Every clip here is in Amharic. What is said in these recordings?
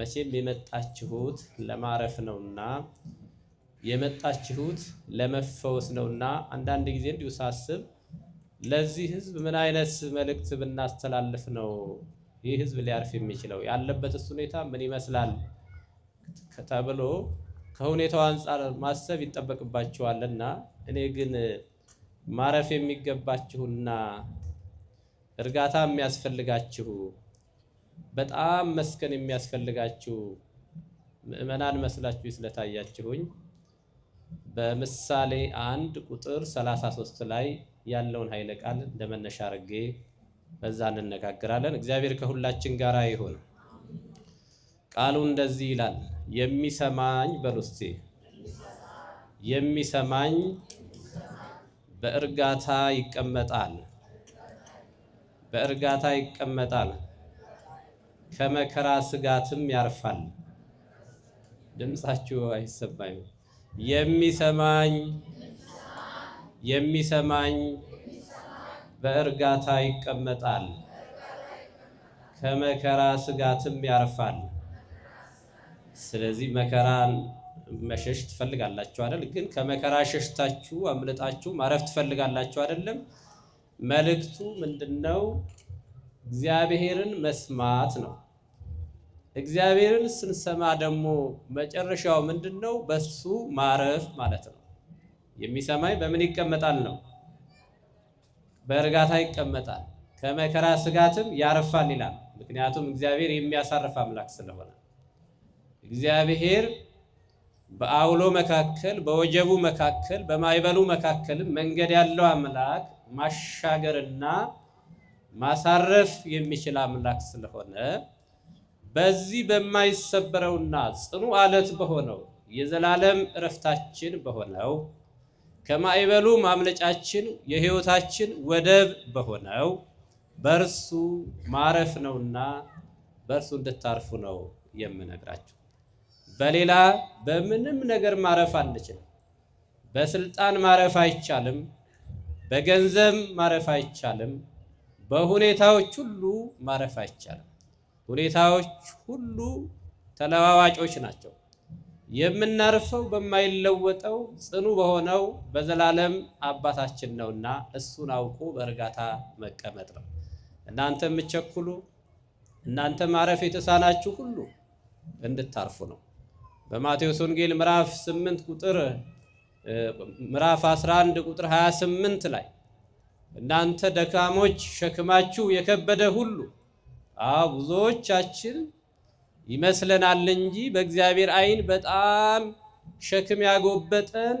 መቼም የመጣችሁት ለማረፍ ነውና የመጣችሁት ለመፈወስ ነውና። አንዳንድ ጊዜ እንዲሁ ሳስብ ለዚህ ህዝብ ምን አይነት መልእክት ብናስተላልፍ ነው ይህ ህዝብ ሊያርፍ የሚችለው? ያለበትስ ሁኔታ ምን ይመስላል ተብሎ ከሁኔታው አንጻር ማሰብ ይጠበቅባችኋልና እኔ ግን ማረፍ የሚገባችሁና እርጋታ የሚያስፈልጋችሁ በጣም መስከን የሚያስፈልጋችሁ ምዕመናን መስላችሁ ስለታያችሁኝ በምሳሌ አንድ ቁጥር 33 ላይ ያለውን ኃይለ ቃል እንደመነሻ አድርጌ በዛ እንነጋገራለን። እግዚአብሔር ከሁላችን ጋር ይሁን። ቃሉ እንደዚህ ይላል፣ የሚሰማኝ በሉስቴ የሚሰማኝ በእርጋታ ይቀመጣል፣ በእርጋታ ይቀመጣል ከመከራ ስጋትም ያርፋል። ድምፃችሁ አይሰማኝ የሚሰማኝ የሚሰማኝ በእርጋታ ይቀመጣል፣ ከመከራ ስጋትም ያርፋል። ስለዚህ መከራን መሸሽ ትፈልጋላችሁ አይደል? ግን ከመከራ ሸሽታችሁ አምልጣችሁ ማረፍ ትፈልጋላችሁ አይደለም? መልእክቱ ምንድነው? እግዚአብሔርን መስማት ነው። እግዚአብሔርን ስንሰማ ደግሞ መጨረሻው ምንድን ነው? በሱ ማረፍ ማለት ነው። የሚሰማኝ በምን ይቀመጣል ነው? በእርጋታ ይቀመጣል፣ ከመከራ ስጋትም ያርፋል ይላል። ምክንያቱም እግዚአብሔር የሚያሳርፍ አምላክ ስለሆነ እግዚአብሔር በአውሎ መካከል በወጀቡ መካከል በማይበሉ መካከልም መንገድ ያለው አምላክ ማሻገርና ማሳረፍ የሚችል አምላክ ስለሆነ በዚህ በማይሰበረውና ጽኑ አለት በሆነው የዘላለም እረፍታችን በሆነው ከማዕበሉ ማምለጫችን የሕይወታችን ወደብ በሆነው በእርሱ ማረፍ ነውና በእርሱ እንድታርፉ ነው የምነግራችሁ። በሌላ በምንም ነገር ማረፍ አንችልም። በስልጣን ማረፍ አይቻልም። በገንዘብ ማረፍ አይቻልም። በሁኔታዎች ሁሉ ማረፍ አይቻልም። ሁኔታዎች ሁሉ ተለዋዋጮች ናቸው። የምናርፈው በማይለወጠው ጽኑ በሆነው በዘላለም አባታችን ነውና እሱን አውቆ በእርጋታ መቀመጥ ነው። እናንተ የምትቸኩሉ እናንተ ማረፍ የተሳናችሁ ሁሉ እንድታርፉ ነው። በማቴዎስ ወንጌል ምዕራፍ 8 ቁጥር ምዕራፍ 11 ቁጥር 28 ላይ እናንተ ደካሞች ሸክማችሁ የከበደ ሁሉ። አዎ ብዙዎቻችን ይመስለናል እንጂ በእግዚአብሔር ዓይን በጣም ሸክም ያጎበጠን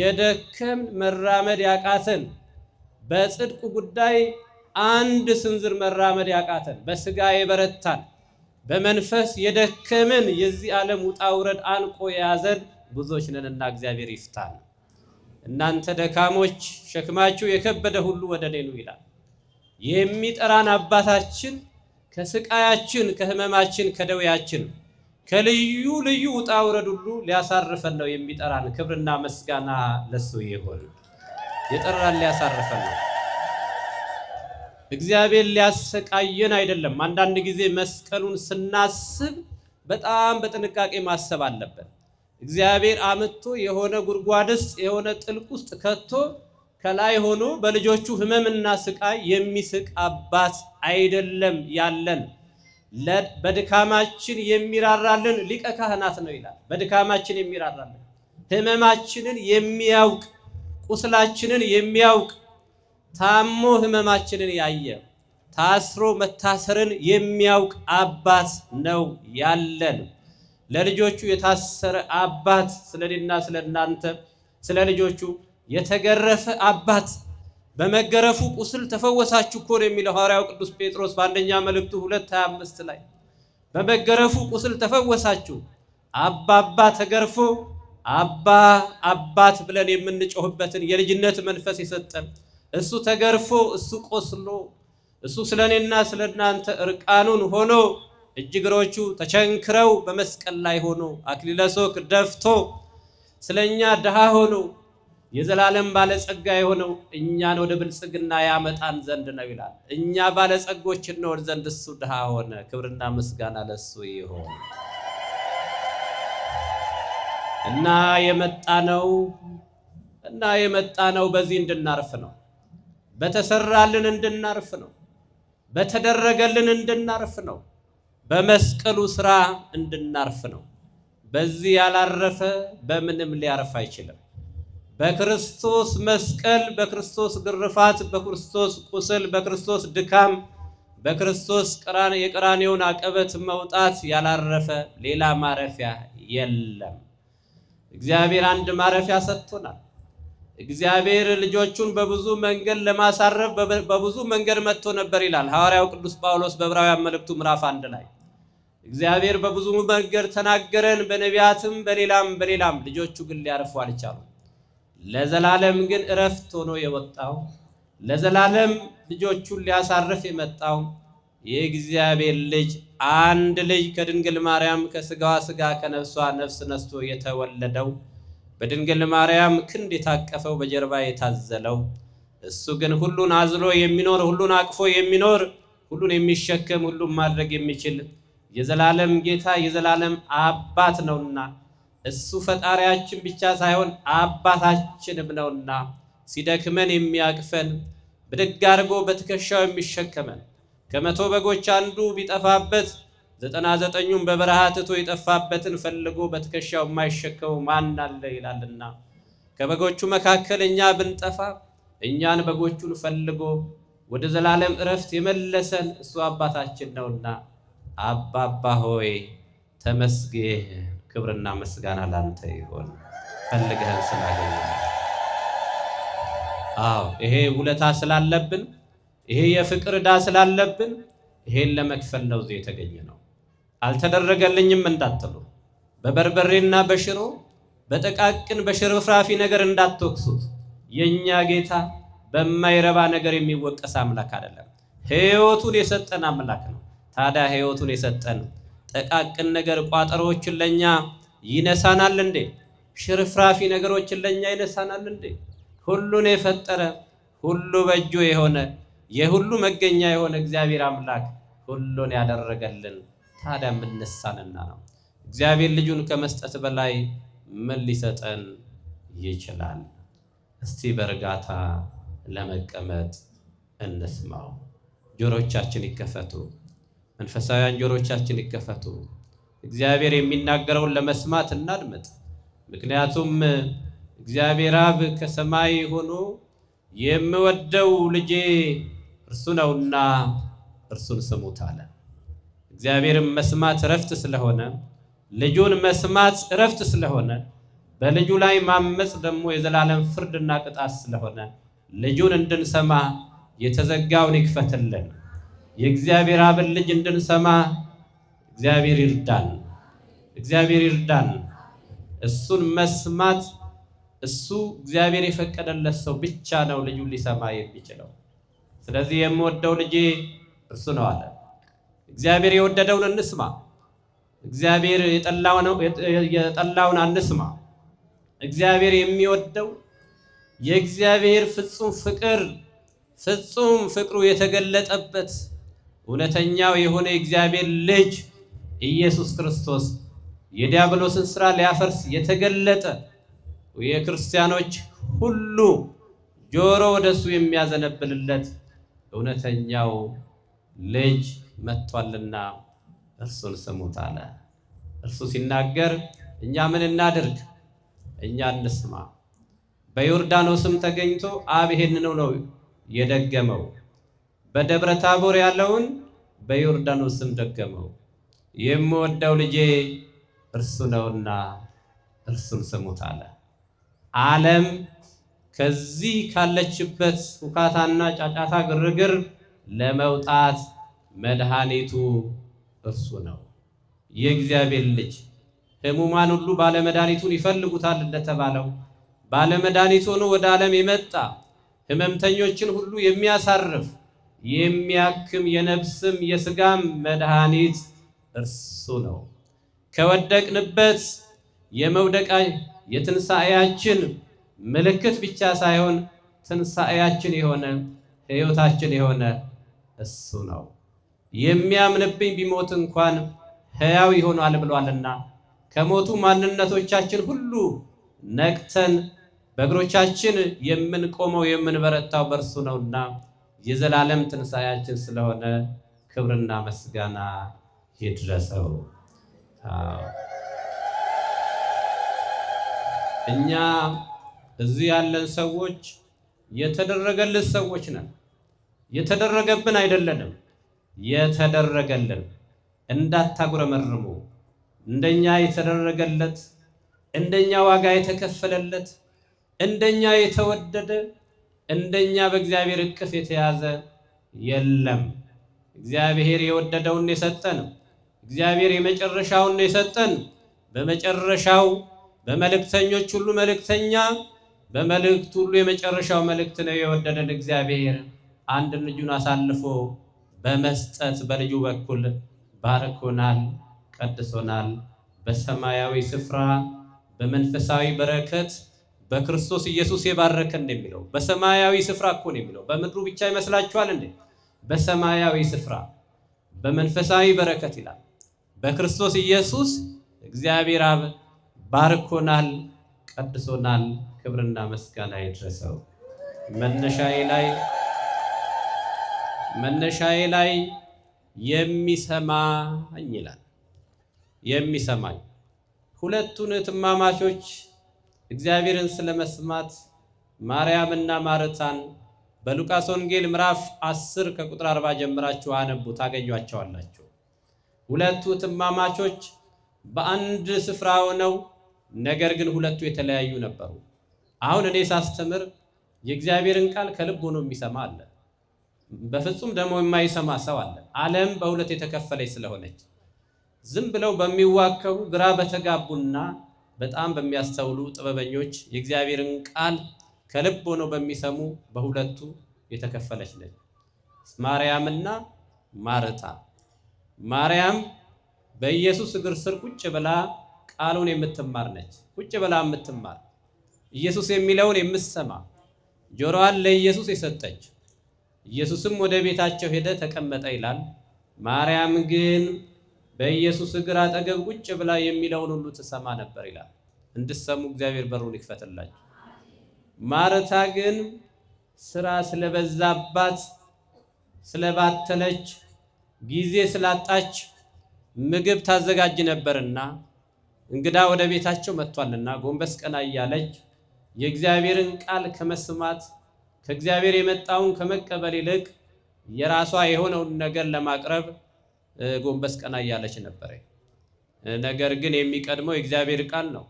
የደከም መራመድ ያቃተን በጽድቅ ጉዳይ አንድ ስንዝር መራመድ ያቃተን በስጋ የበረታን በመንፈስ የደከመን የዚህ ዓለም ውጣ ውረድ አንቆ የያዘን ብዙዎች ነንና እግዚአብሔር ይፍታን። እናንተ ደካሞች ሸክማችሁ የከበደ ሁሉ ወደ እኔ ኑ ይላል። የሚጠራን አባታችን ከስቃያችን፣ ከህመማችን፣ ከደዌያችን ከልዩ ልዩ ውጣ ውረድ ሁሉ ሊያሳርፈን ነው የሚጠራን። ክብርና መስጋና ለሱ ይሁን። የጠራን ሊያሳርፈን ነው። እግዚአብሔር ሊያሰቃየን አይደለም። አንዳንድ ጊዜ መስቀሉን ስናስብ በጣም በጥንቃቄ ማሰብ አለብን። እግዚአብሔር አምጥቶ የሆነ ጉድጓድ ውስጥ የሆነ ጥልቅ ውስጥ ከቶ ከላይ ሆኖ በልጆቹ ህመምና ስቃይ የሚስቅ አባት አይደለም ያለን። በድካማችን የሚራራልን ሊቀ ካህናት ነው ይላል። በድካማችን የሚራራልን ህመማችንን የሚያውቅ ቁስላችንን የሚያውቅ ታሞ ህመማችንን ያየ ታስሮ መታሰርን የሚያውቅ አባት ነው ያለን። ለልጆቹ የታሰረ አባት ስለኔና ስለ እናንተ ስለ ልጆቹ የተገረፈ አባት በመገረፉ ቁስል ተፈወሳችሁ እኮ ነው የሚለው ሐዋርያው ቅዱስ ጴጥሮስ በአንደኛ መልእክቱ 2:25 ላይ በመገረፉ ቁስል ተፈወሳችሁ። አባ አባ ተገርፎ አባ አባት ብለን የምንጮህበትን የልጅነት መንፈስ የሰጠን እሱ ተገርፎ እሱ ቆስሎ እሱ ስለኔና ስለእናንተ እርቃኑን ሆኖ እጅ እግሮቹ ተቸንክረው በመስቀል ላይ ሆኖ አክሊለ ሦክ ደፍቶ ስለኛ ድሃ ሆኖ የዘላለም ባለጸጋ የሆነው እኛን ወደ ብልጽግና ያመጣን ዘንድ ነው ይላል። እኛ ባለጸጎች እንሆን ዘንድ እሱ ድሃ ሆነ። ክብርና ምስጋና ለሱ ይሆን እና የመጣ ነው እና የመጣ ነው በዚህ እንድናርፍ ነው። በተሰራልን እንድናርፍ ነው። በተደረገልን እንድናርፍ ነው። በመስቀሉ ስራ እንድናርፍ ነው። በዚህ ያላረፈ በምንም ሊያርፍ አይችልም። በክርስቶስ መስቀል፣ በክርስቶስ ግርፋት፣ በክርስቶስ ቁስል፣ በክርስቶስ ድካም፣ በክርስቶስ የቀራኔውን አቀበት መውጣት ያላረፈ ሌላ ማረፊያ የለም። እግዚአብሔር አንድ ማረፊያ ሰጥቶናል። እግዚአብሔር ልጆቹን በብዙ መንገድ ለማሳረፍ በብዙ መንገድ መጥቶ ነበር ይላል ሐዋርያው ቅዱስ ጳውሎስ በዕብራውያን መልእክቱ ምዕራፍ አንድ ላይ እግዚአብሔር በብዙ መንገድ ተናገረን፣ በነቢያትም በሌላም በሌላም ልጆቹ ግን ሊያርፉ አልቻሉ። ለዘላለም ግን እረፍት ሆኖ የወጣው ለዘላለም ልጆቹን ሊያሳርፍ የመጣው የእግዚአብሔር ልጅ አንድ ልጅ ከድንግል ማርያም ከስጋዋ ስጋ ከነፍሷ ነፍስ ነስቶ የተወለደው በድንግል ማርያም ክንድ የታቀፈው በጀርባ የታዘለው እሱ ግን ሁሉን አዝሎ የሚኖር ሁሉን አቅፎ የሚኖር ሁሉን የሚሸከም ሁሉን ማድረግ የሚችል የዘላለም ጌታ የዘላለም አባት ነውና እሱ ፈጣሪያችን ብቻ ሳይሆን አባታችንም ነውና ሲደክመን የሚያቅፈን ብድግ አድርጎ በትከሻው የሚሸከመን ከመቶ በጎች አንዱ ቢጠፋበት ዘጠና ዘጠኙም በበረሃ ትቶ የጠፋበትን ፈልጎ በትከሻው የማይሸከመው ማን አለ ይላልና ከበጎቹ መካከል እኛ ብንጠፋ እኛን በጎቹን ፈልጎ ወደ ዘላለም እረፍት የመለሰን እሱ አባታችን ነውና አባባ ሆይ ተመስገን። ክብርና ምስጋና ላንተ ይሆን ፈልገህን ስላገኘ። አዎ ይሄ ውለታ ስላለብን፣ ይሄ የፍቅር ዕዳ ስላለብን ይሄን ለመክፈል ነው እዚህ የተገኘ ነው። አልተደረገልኝም እንዳትሉ፣ በበርበሬና በሽሮ በጠቃቅን በሽርፍራፊ ነገር እንዳትወቅሱት። የእኛ ጌታ በማይረባ ነገር የሚወቀስ አምላክ አይደለም። ሕይወቱን የሰጠን አምላክ ነው። ታዲያ ሕይወቱን የሰጠን ጠቃቅን ነገር ቋጠሮዎችን ለኛ ይነሳናል እንዴ? ሽርፍራፊ ነገሮችን ለኛ ይነሳናል እንዴ? ሁሉን የፈጠረ ሁሉ በእጁ የሆነ የሁሉ መገኛ የሆነ እግዚአብሔር አምላክ ሁሉን ያደረገልን ታዲያ ምን ነው? እግዚአብሔር ልጁን ከመስጠት በላይ ምን ሊሰጠን ይችላል? እስቲ በእርጋታ ለመቀመጥ እንስማው። ጆሮቻችን ይከፈቱ፣ መንፈሳውያን ጆሮቻችን ይከፈቱ። እግዚአብሔር የሚናገረውን ለመስማት እናድመጥ። ምክንያቱም እግዚአብሔር አብ ከሰማይ ሆኖ የምወደው ልጄ እርሱ ነውና እርሱን ስሙት እግዚአብሔርን መስማት እረፍት ስለሆነ ልጁን መስማት እረፍት ስለሆነ በልጁ ላይ ማመፅ ደግሞ የዘላለም ፍርድና ቅጣት ስለሆነ ልጁን እንድንሰማ የተዘጋውን ይክፈትልን። የእግዚአብሔር አብን ልጅ እንድንሰማ እግዚአብሔር ይርዳን። እግዚአብሔር ይርዳን። እሱን መስማት እሱ እግዚአብሔር የፈቀደለት ሰው ብቻ ነው ልጁን ሊሰማ የሚችለው። ስለዚህ የምወደው ልጄ እርሱ ነው አለ። እግዚአብሔር የወደደውን እንስማ፣ እግዚአብሔር የጠላውን አንስማ። እግዚአብሔር የሚወደው የእግዚአብሔር ፍጹም ፍቅር ፍጹም ፍቅሩ የተገለጠበት እውነተኛው የሆነ የእግዚአብሔር ልጅ ኢየሱስ ክርስቶስ የዲያብሎስን ስራ ሊያፈርስ የተገለጠ የክርስቲያኖች ሁሉ ጆሮ ወደሱ የሚያዘነብልለት እውነተኛው ልጅ መጥቷልና እርሱን ስሙት አለ። እርሱ ሲናገር እኛ ምን እናድርግ? እኛ እንስማ። በዮርዳኖስም ተገኝቶ አብ ይሄንኑ ነው የደገመው። በደብረ ታቦር ያለውን በዮርዳኖስም ደገመው። የምወደው ልጄ እርሱ ነውና እርሱን ስሙት አለ። ዓለም ከዚህ ካለችበት ሁካታና ጫጫታ ግርግር ለመውጣት መድኃኒቱ እርሱ ነው። የእግዚአብሔር ልጅ ህሙማን ሁሉ ባለመድኃኒቱን ይፈልጉታል እንደተባለው ባለመድኃኒት ሆኖ ወደ ዓለም የመጣ ህመምተኞችን ሁሉ የሚያሳርፍ የሚያክም የነፍስም የስጋም መድኃኒት እርሱ ነው። ከወደቅንበት የመውደቃ የትንሣኤያችን ምልክት ብቻ ሳይሆን ትንሣኤያችን የሆነ ሕይወታችን የሆነ እሱ ነው። የሚያምንብኝ ቢሞት እንኳን ሕያው ይሆናል ብሏልና ከሞቱ ማንነቶቻችን ሁሉ ነቅተን በእግሮቻችን የምንቆመው የምንበረታው በእርሱ ነውና የዘላለም ትንሣኤያችን ስለሆነ ክብርና ምስጋና ይድረሰው። እኛ እዚህ ያለን ሰዎች የተደረገልን ሰዎች ነን፣ የተደረገብን አይደለንም። የተደረገልን እንዳታጉረመርሙ እንደኛ የተደረገለት እንደኛ ዋጋ የተከፈለለት እንደኛ የተወደደ እንደኛ በእግዚአብሔር እቅፍ የተያዘ የለም። እግዚአብሔር የወደደውን የሰጠን፣ እግዚአብሔር የመጨረሻውን የሰጠን። በመጨረሻው በመልእክተኞች ሁሉ መልእክተኛ፣ በመልእክት ሁሉ የመጨረሻው መልእክት ነው የወደደን እግዚአብሔር አንድን ልጁን አሳልፎ በመስጠት በልጁ በኩል ባርኮናል፣ ቀድሶናል። በሰማያዊ ስፍራ በመንፈሳዊ በረከት በክርስቶስ ኢየሱስ የባረከን የሚለው በሰማያዊ ስፍራ እኮ ነው የሚለው። በምድሩ ብቻ ይመስላችኋል እንዴ? በሰማያዊ ስፍራ በመንፈሳዊ በረከት ይላል። በክርስቶስ ኢየሱስ እግዚአብሔር አብ ባርኮናል፣ ቀድሶናል። ክብርና ምስጋና ይድረሰው። መነሻዬ ላይ መነሻዬ ላይ የሚሰማኝ ይላል። የሚሰማኝ ሁለቱን እህትማማቾች እግዚአብሔርን ስለመስማት ማርያምና ማርታን በሉቃስ ወንጌል ምዕራፍ 10 ከቁጥር 40 ጀምራችሁ አነቡ ታገኟቸዋላችሁ። ሁለቱ እህትማማቾች በአንድ ስፍራ ሆነው ነገር ግን ሁለቱ የተለያዩ ነበሩ። አሁን እኔ ሳስተምር የእግዚአብሔርን ቃል ከልብ ሆኖ የሚሰማ አለ። በፍጹም ደግሞ የማይሰማ ሰው አለ። ዓለም በሁለት የተከፈለች ስለሆነች ዝም ብለው በሚዋከቡ ግራ በተጋቡና በጣም በሚያስተውሉ ጥበበኞች የእግዚአብሔርን ቃል ከልብ ሆነው በሚሰሙ በሁለቱ የተከፈለች ነች። ማርያምና ማርታ። ማርያም በኢየሱስ እግር ስር ቁጭ ብላ ቃሉን የምትማር ነች። ቁጭ ብላ የምትማር ኢየሱስ የሚለውን የምትሰማ ጆሮዋን ለኢየሱስ የሰጠች ኢየሱስም ወደ ቤታቸው ሄደ ተቀመጠ ይላል። ማርያም ግን በኢየሱስ እግር አጠገብ ቁጭ ብላ የሚለውን ሁሉ ትሰማ ነበር ይላል። እንድሰሙ እግዚአብሔር በሩን ይክፈትላችሁ። ማርታ ግን ስራ ስለበዛባት፣ ስለባተለች፣ ጊዜ ስላጣች ምግብ ታዘጋጅ ነበርና እንግዳ ወደ ቤታቸው መጥቷልና ጎንበስ ቀና እያለች የእግዚአብሔርን ቃል ከመስማት ከእግዚአብሔር የመጣውን ከመቀበል ይልቅ የራሷ የሆነውን ነገር ለማቅረብ ጎንበስ ቀና እያለች ነበረ። ነገር ግን የሚቀድመው የእግዚአብሔር ቃል ነው።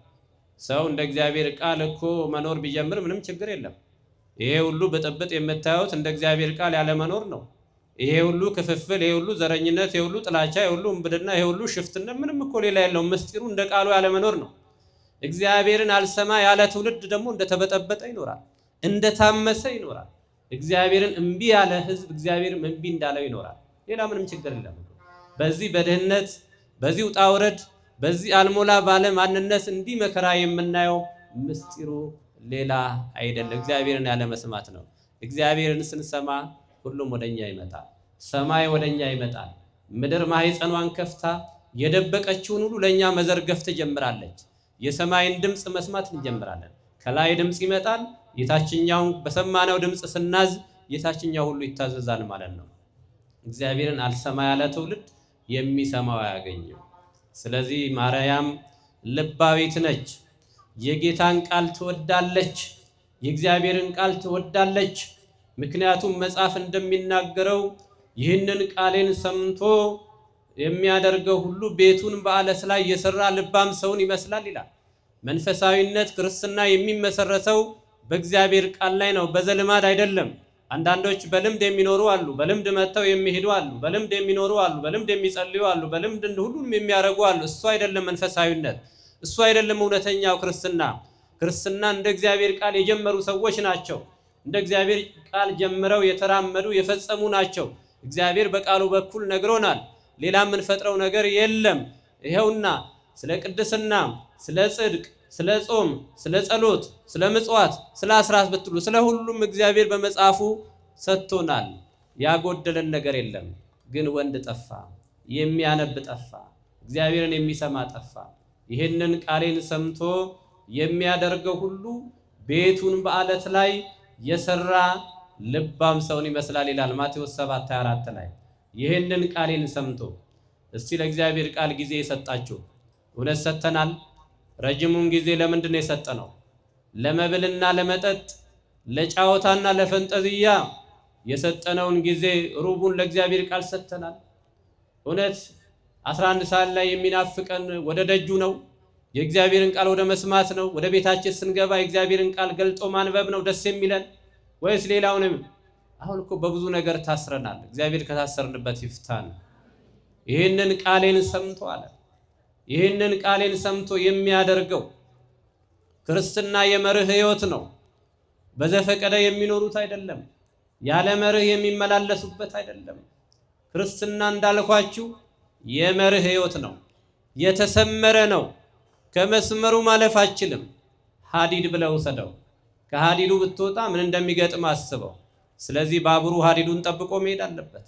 ሰው እንደ እግዚአብሔር ቃል እኮ መኖር ቢጀምር ምንም ችግር የለም። ይሄ ሁሉ ብጥብጥ የምታዩት እንደ እግዚአብሔር ቃል ያለመኖር ነው። ይሄ ሁሉ ክፍፍል፣ ይሄ ሁሉ ዘረኝነት፣ ይሄ ሁሉ ጥላቻ፣ ይሄ ሁሉ እንብድና፣ ይሄ ሁሉ ሽፍትነት ምንም እኮ ሌላ የለውም። ምስጢሩ እንደ ቃሉ ያለመኖር ነው። እግዚአብሔርን አልሰማ ያለ ትውልድ ደግሞ እንደተበጠበጠ ይኖራል። እንደታመሰ ይኖራል። እግዚአብሔርን እምቢ ያለ ህዝብ እግዚአብሔርም እምቢ እንዳለው ይኖራል። ሌላ ምንም ችግር የለም። በዚህ በድህነት በዚህ ውጣ ውረድ በዚህ አልሞላ ባለ ማንነት እንዲህ መከራ የምናየው ምስጢሩ ሌላ አይደለም፣ እግዚአብሔርን ያለ መስማት ነው። እግዚአብሔርን ስንሰማ ሁሉም ወደኛ ይመጣል። ሰማይ ወደኛ ይመጣል። ምድር ማህፀኗን ከፍታ የደበቀችውን ሁሉ ለእኛ መዘርገፍ ትጀምራለች። የሰማይን ድምፅ መስማት እንጀምራለን። ከላይ ድምፅ ይመጣል። የታችኛው በሰማነው ድምፅ ስናዝ የታችኛው ሁሉ ይታዘዛል ማለት ነው። እግዚአብሔርን አልሰማ ያለ ትውልድ የሚሰማው አያገኝም። ስለዚህ ማርያም ልባዊት ነች። የጌታን ቃል ትወዳለች፣ የእግዚአብሔርን ቃል ትወዳለች። ምክንያቱም መጽሐፍ እንደሚናገረው ይህንን ቃሌን ሰምቶ የሚያደርገው ሁሉ ቤቱን በአለት ላይ የሰራ ልባም ሰውን ይመስላል ይላል። መንፈሳዊነት ክርስትና የሚመሰረተው በእግዚአብሔር ቃል ላይ ነው፣ በዘልማድ አይደለም። አንዳንዶች በልምድ የሚኖሩ አሉ፣ በልምድ መጥተው የሚሄዱ አሉ፣ በልምድ የሚኖሩ አሉ፣ በልምድ የሚጸልዩ አሉ፣ በልምድ ሁሉንም የሚያደርጉ አሉ። እሱ አይደለም መንፈሳዊነት፣ እሱ አይደለም እውነተኛው ክርስትና። ክርስትና እንደ እግዚአብሔር ቃል የጀመሩ ሰዎች ናቸው። እንደ እግዚአብሔር ቃል ጀምረው የተራመዱ የፈጸሙ ናቸው። እግዚአብሔር በቃሉ በኩል ነግሮናል። ሌላ የምንፈጥረው ነገር የለም። ይኸውና ስለ ቅድስና ስለ ጽድቅ ስለ ጾም፣ ስለ ጸሎት፣ ስለ ምጽዋት፣ ስለ አስራት ብትሉ ስለ ሁሉም እግዚአብሔር በመጽሐፉ ሰጥቶናል። ያጎደለን ነገር የለም። ግን ወንድ ጠፋ፣ የሚያነብ ጠፋ፣ እግዚአብሔርን የሚሰማ ጠፋ። ይህንን ቃሌን ሰምቶ የሚያደርገው ሁሉ ቤቱን በአለት ላይ የሰራ ልባም ሰውን ይመስላል ይላል ማቴዎስ 7:24 ላይ። ይህንን ቃሌን ሰምቶ እስቲ ለእግዚአብሔር ቃል ጊዜ የሰጣችሁ እውነት ሰጥተናል። ረጅሙን ጊዜ ለምንድን ነው ለመብልና ለመጠጥ ለጫወታና ለፈንጠዝያ የሰጠነውን ጊዜ ሩቡን ለእግዚአብሔር ቃል ሰጥተናል። እውነት 11 ሰዓት ላይ የሚናፍቀን ወደ ደጁ ነው። የእግዚአብሔርን ቃል ወደ መስማት ነው። ወደ ቤታችን ስንገባ የእግዚአብሔርን ቃል ገልጦ ማንበብ ነው ደስ የሚለን ወይስ ሌላውንም? አሁን እኮ በብዙ ነገር ታስረናል። እግዚአብሔር ከታሰርንበት ይፍታን። ይህንን ቃሌን ሰምቶ አለ ይህንን ቃሌን ሰምቶ የሚያደርገው ክርስትና የመርህ ህይወት ነው። በዘፈቀደ የሚኖሩት አይደለም። ያለ መርህ የሚመላለሱበት አይደለም። ክርስትና እንዳልኳችሁ የመርህ ህይወት ነው። የተሰመረ ነው። ከመስመሩ ማለፍ አችልም። ሀዲድ ብለው ሰደው ከሀዲዱ ብትወጣ ምን እንደሚገጥም አስበው። ስለዚህ ባቡሩ ሀዲዱን ጠብቆ መሄድ አለበት።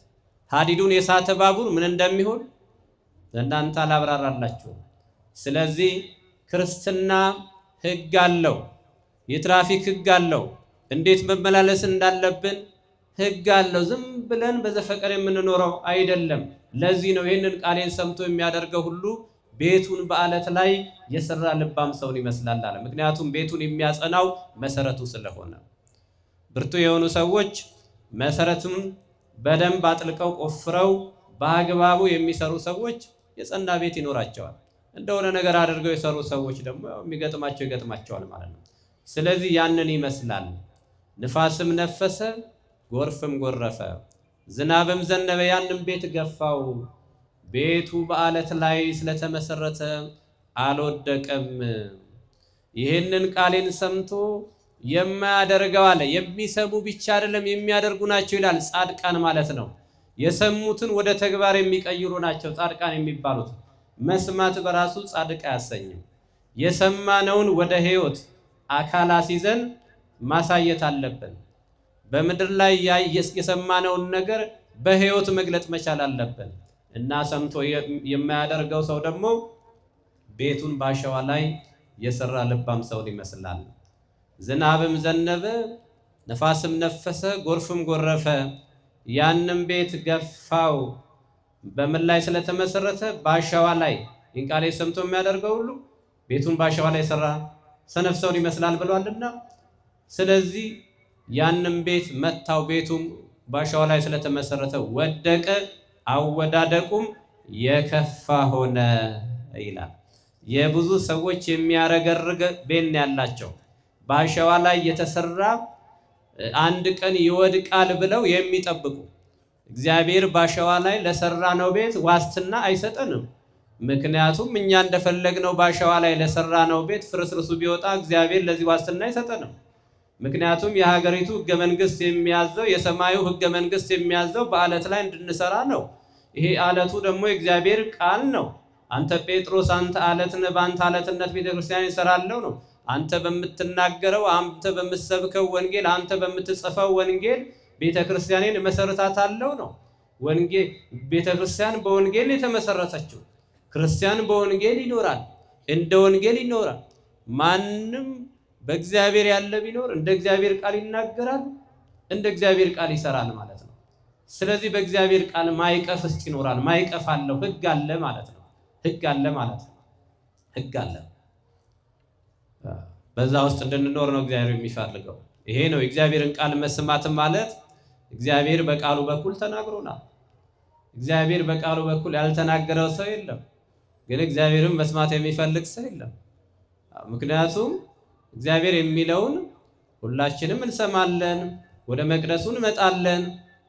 ሀዲዱን የሳተ ባቡር ምን እንደሚሆን ለእናንተ አላብራራላችሁ። ስለዚህ ክርስትና ህግ አለው፣ የትራፊክ ህግ አለው፣ እንዴት መመላለስ እንዳለብን ህግ አለው። ዝም ብለን በዘፈቀድ የምንኖረው አይደለም። ለዚህ ነው ይህንን ቃሌን ሰምቶ የሚያደርገው ሁሉ ቤቱን በአለት ላይ የሰራ ልባም ሰውን ይመስላል አለ። ምክንያቱም ቤቱን የሚያጸናው መሰረቱ ስለሆነ ብርቱ የሆኑ ሰዎች መሰረቱን በደንብ አጥልቀው ቆፍረው በአግባቡ የሚሰሩ ሰዎች የጸና ቤት ይኖራቸዋል። እንደሆነ ነገር አድርገው የሰሩ ሰዎች ደግሞ የሚገጥማቸው ይገጥማቸዋል ማለት ነው። ስለዚህ ያንን ይመስላል። ንፋስም ነፈሰ፣ ጎርፍም ጎረፈ፣ ዝናብም ዘነበ፣ ያንም ቤት ገፋው። ቤቱ በአለት ላይ ስለተመሰረተ አልወደቀም። ይህንን ቃሌን ሰምቶ የማያደርገው አለ። የሚሰሙ ብቻ አይደለም የሚያደርጉ ናቸው ይላል። ጻድቃን ማለት ነው። የሰሙትን ወደ ተግባር የሚቀይሩ ናቸው ጻድቃን የሚባሉት። መስማት በራሱ ጻድቅ አያሰኝም። የሰማነውን ወደ ህይወት አካል አስይዘን ማሳየት አለብን። በምድር ላይ የሰማነውን ነገር በህይወት መግለጥ መቻል አለብን እና ሰምቶ የማያደርገው ሰው ደግሞ ቤቱን ባሸዋ ላይ የሰራ ልባም ሰውን ይመስላል። ዝናብም ዘነበ፣ ነፋስም ነፈሰ፣ ጎርፍም ጎረፈ ያንም ቤት ገፋው። በምን ላይ ስለተመሰረተ? በአሸዋ ላይ። ይህን ቃሌ ሰምቶ የሚያደርገው ሁሉ ቤቱን በአሸዋ ላይ ሰራ፣ ሰነፍ ሰውን ይመስላል ብሏልና፣ ስለዚህ ያንም ቤት መታው። ቤቱም በአሸዋ ላይ ስለተመሰረተ ወደቀ፣ አወዳደቁም የከፋ ሆነ ይላል። የብዙ ሰዎች የሚያረገርግ ቤት ያላቸው በአሸዋ ላይ የተሰራ አንድ ቀን ይወድቃል ብለው የሚጠብቁ እግዚአብሔር ባሸዋ ላይ ለሰራ ነው ቤት ዋስትና አይሰጠንም። ምክንያቱም እኛ እንደፈለግነው ባሸዋ ላይ ለሰራ ነው ቤት ፍርስርሱ ቢወጣ እግዚአብሔር ለዚህ ዋስትና አይሰጠንም። ምክንያቱም የሀገሪቱ ህገ መንግስት የሚያዘው የሰማዩ ህገ መንግስት የሚያዘው በአለት ላይ እንድንሰራ ነው። ይሄ አለቱ ደግሞ የእግዚአብሔር ቃል ነው። አንተ ጴጥሮስ አንተ አለት ነህ፣ በአንተ አለትነት ቤተክርስቲያን ይሰራለው ነው። አንተ በምትናገረው፣ አንተ በምትሰብከው ወንጌል፣ አንተ በምትጽፈው ወንጌል ቤተ ክርስቲያኔን አለው ነው። ወንጌል ቤተ ክርስቲያን በወንጌል የተመሰረተችው፣ ክርስቲያን በወንጌል ይኖራል፣ እንደ ወንጌል ይኖራል። ማንም በእግዚአብሔር ያለ ቢኖር እንደ እግዚአብሔር ቃል ይናገራል፣ እንደ እግዚአብሔር ቃል ይሰራል ማለት ነው። ስለዚህ በእግዚአብሔር ቃል ማይቀፍ ውስጥ ይኖራል። ማይቀፍ አለው፣ ህግ አለ ማለት ነው። ህግ አለ ማለት ነው። ህግ አለ በዛ ውስጥ እንድንኖር ነው እግዚአብሔር የሚፈልገው። ይሄ ነው የእግዚአብሔርን ቃል መስማትም ማለት እግዚአብሔር በቃሉ በኩል ተናግሮናል። እግዚአብሔር በቃሉ በኩል ያልተናገረው ሰው የለም፣ ግን እግዚአብሔርን መስማት የሚፈልግ ሰው የለም። ምክንያቱም እግዚአብሔር የሚለውን ሁላችንም እንሰማለን፣ ወደ መቅደሱ እንመጣለን።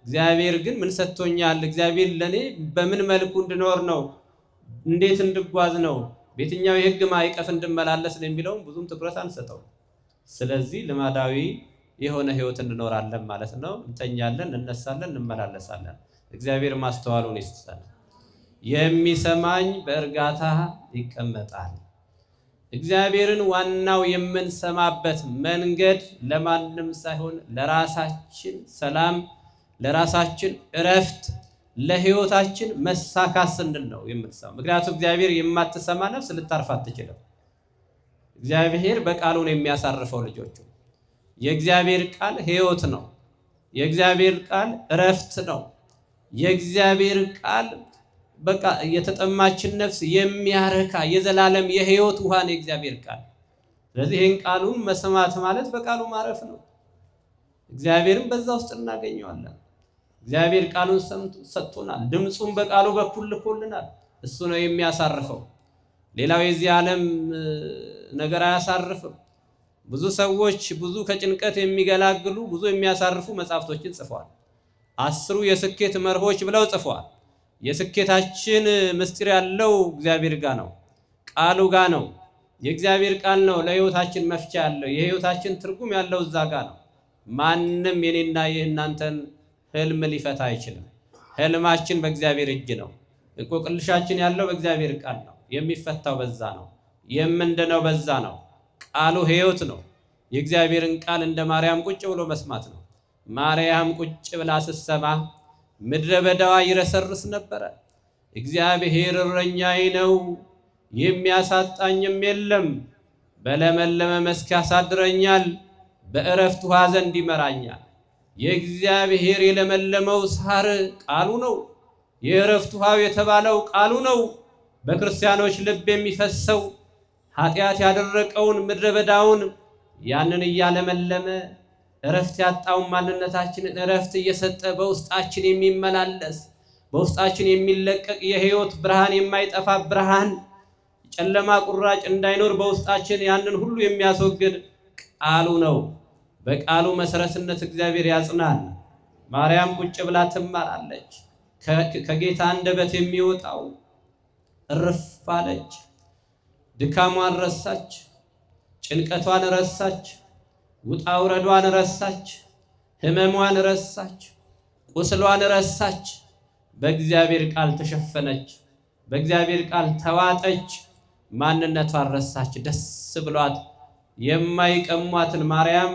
እግዚአብሔር ግን ምን ሰጥቶኛል? እግዚአብሔር ለእኔ በምን መልኩ እንድኖር ነው? እንዴት እንድጓዝ ነው? በየትኛው የህግ ማዕቀፍ እንድመላለስ የሚለውም ብዙም ትኩረት አንሰጠው። ስለዚህ ልማዳዊ የሆነ ህይወት እንኖራለን ማለት ነው። እንተኛለን፣ እንነሳለን፣ እንመላለሳለን። እግዚአብሔር ማስተዋሉን ይስጠን። የሚሰማኝ በእርጋታ ይቀመጣል። እግዚአብሔርን ዋናው የምንሰማበት መንገድ ለማንም ሳይሆን ለራሳችን ሰላም፣ ለራሳችን እረፍት ለህይወታችን መሳካት ስንል ነው የምትሰማ። ምክንያቱም እግዚአብሔር የማትሰማ ነፍስ ልታርፍ አትችልም። እግዚአብሔር በቃሉ ነው የሚያሳርፈው ልጆቹ። የእግዚአብሔር ቃል ህይወት ነው። የእግዚአብሔር ቃል እረፍት ነው። የእግዚአብሔር ቃል በቃ የተጠማችን ነፍስ የሚያረካ የዘላለም የህይወት ውሃ ነው የእግዚአብሔር ቃል። ስለዚህ ይህን ቃሉን መስማት ማለት በቃሉ ማረፍ ነው። እግዚአብሔርም በዛ ውስጥ እናገኘዋለን። እግዚአብሔር ቃሉን ሰጥቶናል። ድምፁን በቃሉ በኩል ልኮልናል። እሱ ነው የሚያሳርፈው። ሌላው የዚህ ዓለም ነገር አያሳርፍም። ብዙ ሰዎች ብዙ ከጭንቀት የሚገላግሉ ብዙ የሚያሳርፉ መጽሐፍቶችን ጽፈዋል። አስሩ የስኬት መርሆች ብለው ጽፈዋል። የስኬታችን ምስጢር ያለው እግዚአብሔር ጋር ነው፣ ቃሉ ጋር ነው። የእግዚአብሔር ቃል ነው ለህይወታችን መፍቻ ያለው፣ የህይወታችን ትርጉም ያለው እዛ ጋር ነው። ማንም የኔና የእናንተን ህልም ሊፈታ አይችልም። ህልማችን በእግዚአብሔር እጅ ነው። እንቆቅልሻችን ያለው በእግዚአብሔር ቃል ነው። የሚፈታው በዛ ነው። የምንድነው በዛ ነው። ቃሉ ህይወት ነው። የእግዚአብሔርን ቃል እንደ ማርያም ቁጭ ብሎ መስማት ነው። ማርያም ቁጭ ብላ ስትሰማ ምድረ በዳዋ ይረሰርስ ነበረ። እግዚአብሔር እረኛዬ ነው፣ የሚያሳጣኝም የለም። በለመለመ መስክ ያሳድረኛል፣ በእረፍት ውሃ ዘንድ ይመራኛል። የእግዚአብሔር የለመለመው ሳር ቃሉ ነው። የእረፍት ውሃው የተባለው ቃሉ ነው። በክርስቲያኖች ልብ የሚፈሰው ኃጢአት ያደረቀውን ምድረ በዳውን ያንን እያለመለመ እረፍት ያጣውን ማንነታችንን እረፍት እየሰጠ በውስጣችን የሚመላለስ በውስጣችን የሚለቀቅ የህይወት ብርሃን የማይጠፋ ብርሃን ጨለማ ቁራጭ እንዳይኖር በውስጣችን ያንን ሁሉ የሚያስወግድ ቃሉ ነው። በቃሉ መሰረትነት እግዚአብሔር ያጽናል። ማርያም ቁጭ ብላ ትማራለች። ከጌታ አንደበት የሚወጣው እርፍ አለች። ድካሟን ረሳች፣ ጭንቀቷን ረሳች፣ ውጣ ውረዷን ረሳች፣ ህመሟን ረሳች፣ ቁስሏን ረሳች። በእግዚአብሔር ቃል ተሸፈነች፣ በእግዚአብሔር ቃል ተዋጠች፣ ማንነቷን ረሳች። ደስ ብሏት የማይቀሟትን ማርያም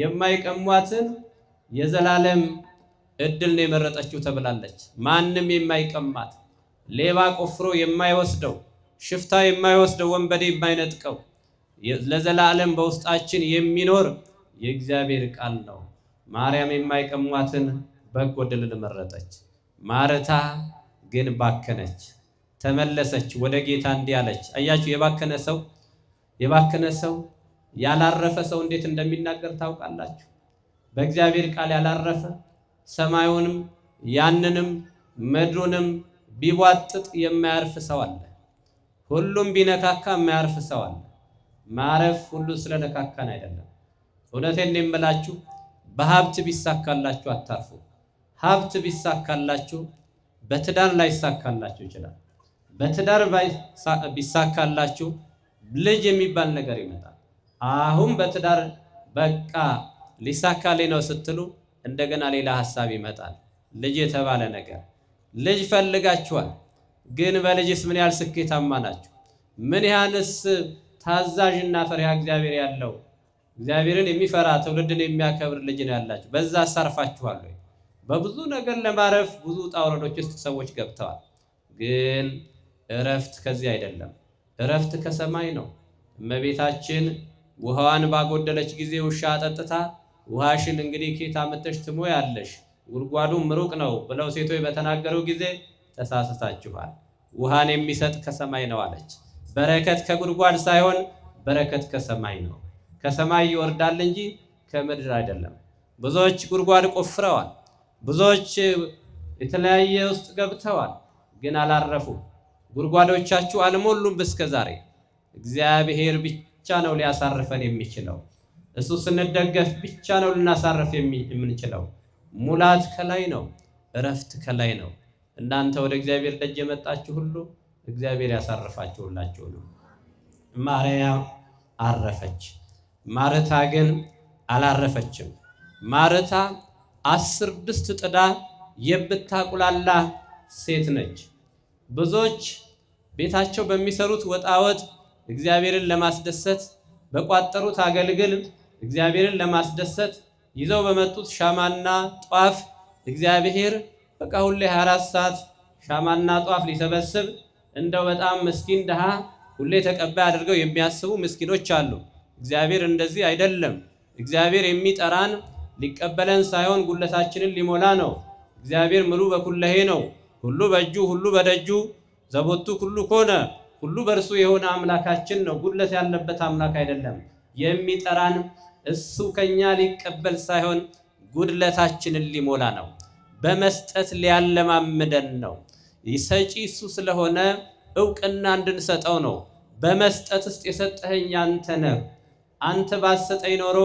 የማይቀሟትን የዘላለም እድል ነው የመረጠችው ተብላለች። ማንም የማይቀማት ሌባ ቆፍሮ የማይወስደው ሽፍታ የማይወስደው ወንበዴ የማይነጥቀው ለዘላለም በውስጣችን የሚኖር የእግዚአብሔር ቃል ነው። ማርያም የማይቀሟትን በጎ ድልን መረጠች። ማርታ ግን ባከነች፣ ተመለሰች ወደ ጌታ እንዲህ አለች። አያችሁ የባከነ ሰው የባከነ ሰው ያላረፈ ሰው እንዴት እንደሚናገር ታውቃላችሁ። በእግዚአብሔር ቃል ያላረፈ ሰማዩንም ያንንም ምድሩንም ቢቧጥጥ የማያርፍ ሰው አለ። ሁሉም ቢነካካ የማያርፍ ሰው አለ። ማረፍ ሁሉ ስለነካካን አይደለም። እውነቴን ነው የምላችሁ፣ በሀብት ቢሳካላችሁ አታርፉ። ሀብት ቢሳካላችሁ በትዳር ላይሳካላችሁ ይችላል። በትዳር ቢሳካላችሁ ልጅ የሚባል ነገር ይመጣል። አሁን በትዳር በቃ ሊሳካልኝ ነው ስትሉ እንደገና ሌላ ሀሳብ ይመጣል። ልጅ የተባለ ነገር ልጅ ፈልጋችኋል፣ ግን በልጅስ ምን ያህል ስኬታማ ናችሁ? ምን ያህልስ ታዛዥና ፈሪሃ እግዚአብሔር ያለው እግዚአብሔርን የሚፈራ ትውልድን የሚያከብር ልጅ ነው ያላችሁ? በዛ አሳርፋችኋል ወይ? በብዙ ነገር ለማረፍ ብዙ ውጣ ውረዶች ውስጥ ሰዎች ገብተዋል። ግን እረፍት ከዚህ አይደለም፣ እረፍት ከሰማይ ነው። እመቤታችን ውሃዋን ባጎደለች ጊዜ ውሻ አጠጥታ ውሃሽን እንግዲህ ኬት ትሞ ያለሽ ጉድጓዱም ሩቅ ነው ብለው ሴቶች በተናገሩ ጊዜ ተሳስታችኋል፣ ውሃን የሚሰጥ ከሰማይ ነው አለች። በረከት ከጉድጓድ ሳይሆን በረከት ከሰማይ ነው። ከሰማይ ይወርዳል እንጂ ከምድር አይደለም። ብዙዎች ጉድጓድ ቆፍረዋል፣ ብዙዎች የተለያየ ውስጥ ገብተዋል፣ ግን አላረፉም። ጉድጓዶቻችሁ አልሞሉም እስከ ዛሬ እግዚአብሔር ብቻ ብቻ ነው ሊያሳርፈን የሚችለው። እሱ ስንደገፍ ብቻ ነው ልናሳርፍ የምንችለው። ሙላት ከላይ ነው፣ እረፍት ከላይ ነው። እናንተ ወደ እግዚአብሔር ደጅ የመጣችሁ ሁሉ እግዚአብሔር ያሳርፋችሁላችሁ ነው። ማርያም አረፈች፣ ማርታ ግን አላረፈችም። ማርታ አስር ድስት ጥዳ የብታቁላላ ሴት ነች። ብዙዎች ቤታቸው በሚሰሩት ወጣወጥ እግዚአብሔርን ለማስደሰት በቋጠሩት አገልግል እግዚአብሔርን ለማስደሰት ይዘው በመጡት ሻማና ጧፍ እግዚአብሔር በቃ ሁሌ 24 ሰዓት ሻማና ጧፍ ሊሰበስብ እንደው በጣም ምስኪን ድሃ ሁሌ ተቀባይ አድርገው የሚያስቡ ምስኪኖች አሉ። እግዚአብሔር እንደዚህ አይደለም። እግዚአብሔር የሚጠራን ሊቀበለን ሳይሆን ጉለታችንን ሊሞላ ነው። እግዚአብሔር ምሉ በኩለሄ ነው። ሁሉ በእጁ ሁሉ በደጁ ዘቦቱ ሁሉ ኮነ ሁሉ በእርሱ የሆነ አምላካችን ነው፣ ጉድለት ያለበት አምላክ አይደለም። የሚጠራን እሱ ከኛ ሊቀበል ሳይሆን ጉድለታችንን ሊሞላ ነው። በመስጠት ሊያለማምደን ነው። ሰጪ እሱ ስለሆነ እውቅና እንድንሰጠው ነው። በመስጠት ውስጥ የሰጠኸኝ አንተ ነህ። አንተ ባሰጠኝ ኖሮ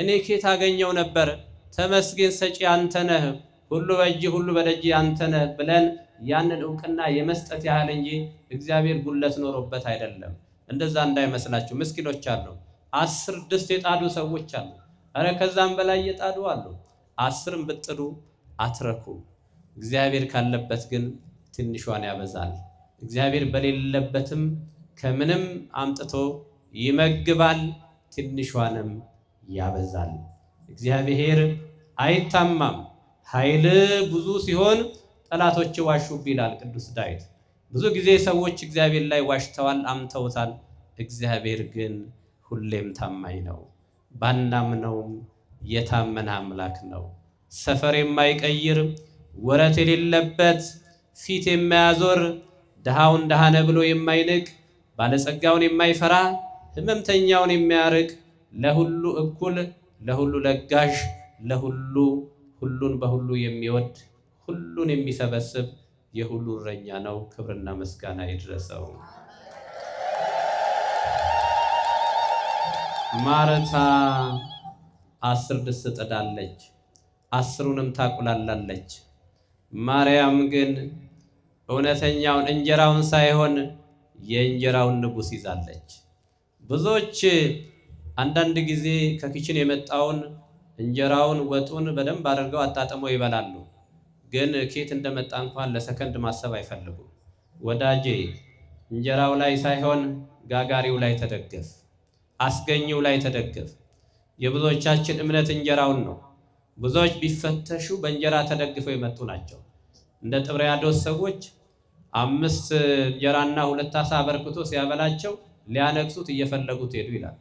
እኔ ኬት አገኘው ነበር? ተመስገን ሰጪ አንተ ነህ። ሁሉ በእጅ ሁሉ በደጅ አንተ ነህ ብለን ያንን እውቅና የመስጠት ያህል እንጂ እግዚአብሔር ጉለት ኖሮበት አይደለም። እንደዛ እንዳይመስላችሁ። ምስኪኖች አሉ፣ አስር ድስት የጣዱ ሰዎች አሉ። እረ ከዛም በላይ የጣዱ አሉ። አስርም ብጥሉ አትረኩ። እግዚአብሔር ካለበት ግን ትንሿን ያበዛል። እግዚአብሔር በሌለበትም ከምንም አምጥቶ ይመግባል፣ ትንሿንም ያበዛል። እግዚአብሔር አይታማም። ኃይል ብዙ ሲሆን ጠላቶች ዋሹብ ይላል ቅዱስ ዳዊት። ብዙ ጊዜ ሰዎች እግዚአብሔር ላይ ዋሽተዋል፣ አምተውታል። እግዚአብሔር ግን ሁሌም ታማኝ ነው። ባናምነውም የታመነ አምላክ ነው። ሰፈር የማይቀይር ወረት የሌለበት ፊት የማያዞር ድሃውን ድሃነ ብሎ የማይንቅ ባለጸጋውን የማይፈራ ሕመምተኛውን የሚያርቅ ለሁሉ እኩል ለሁሉ ለጋሽ ለሁሉ ሁሉን በሁሉ የሚወድ ሁሉን የሚሰበስብ የሁሉ እረኛ ነው። ክብርና ምስጋና ይድረሰው። ማርታ አስር ድስት ጥዳለች፣ አስሩንም ታቁላላለች። ማርያም ግን እውነተኛውን እንጀራውን ሳይሆን የእንጀራውን ንጉሥ ይዛለች። ብዙዎች አንዳንድ ጊዜ ከኪችን የመጣውን እንጀራውን ወጡን በደንብ አድርገው አጣጥመው ይበላሉ። ግን ኬት እንደመጣ እንኳን ለሰከንድ ማሰብ አይፈልጉም። ወዳጄ እንጀራው ላይ ሳይሆን ጋጋሪው ላይ ተደገፍ፣ አስገኘው ላይ ተደገፍ። የብዙዎቻችን እምነት እንጀራውን ነው። ብዙዎች ቢፈተሹ በእንጀራ ተደግፈው የመጡ ናቸው። እንደ ጥብርያዶስ ሰዎች አምስት እንጀራና ሁለት አሳ አበርክቶ ሲያበላቸው ሊያነግሱት እየፈለጉት ሄዱ ይላል።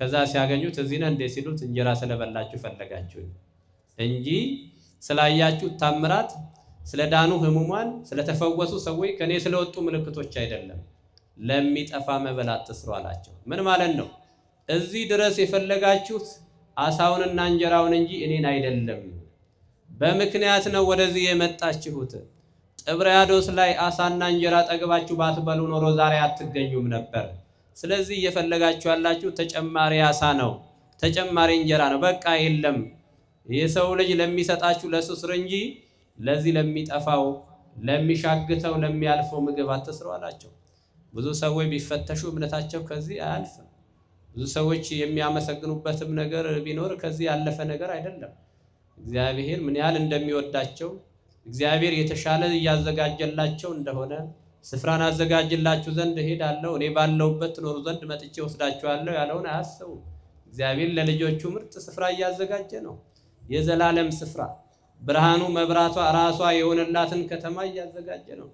ከዛ ሲያገኙት እዚህ ነህ እንዴ ሲሉት እንጀራ ስለበላችሁ ፈለጋችሁ እንጂ ስላያችሁ ታምራት፣ ስለዳኑ ህሙማን፣ ስለተፈወሱ ሰዎች ከኔ ስለወጡ ምልክቶች አይደለም። ለሚጠፋ መብል አትስሩ አላቸው። ምን ማለት ነው? እዚህ ድረስ የፈለጋችሁት አሳውንና እንጀራውን እንጂ እኔን አይደለም። በምክንያት ነው ወደዚህ የመጣችሁት። ጥብርያዶስ ላይ አሳና እንጀራ ጠግባችሁ ባትበሉ ኖሮ ዛሬ አትገኙም ነበር። ስለዚህ እየፈለጋችሁ ያላችሁ ተጨማሪ አሳ ነው፣ ተጨማሪ እንጀራ ነው። በቃ የለም የሰው ልጅ ለሚሰጣችሁ ለሱስር እንጂ ለዚህ ለሚጠፋው ለሚሻግተው ለሚያልፈው ምግብ አትስሩ አላቸው። ብዙ ሰዎች ቢፈተሹ እምነታቸው ከዚህ አያልፍም። ብዙ ሰዎች የሚያመሰግኑበትም ነገር ቢኖር ከዚህ ያለፈ ነገር አይደለም። እግዚአብሔር ምን ያህል እንደሚወዳቸው እግዚአብሔር የተሻለ እያዘጋጀላቸው እንደሆነ ስፍራን አዘጋጅላችሁ ዘንድ እሄዳለሁ እኔ ባለሁበት ትኖሩ ዘንድ መጥቼ ወስዳችኋለሁ ያለውን አያስቡ። እግዚአብሔር ለልጆቹ ምርጥ ስፍራ እያዘጋጀ ነው። የዘላለም ስፍራ ብርሃኑ መብራቷ ራሷ የሆነላትን ከተማ እያዘጋጀ ነው።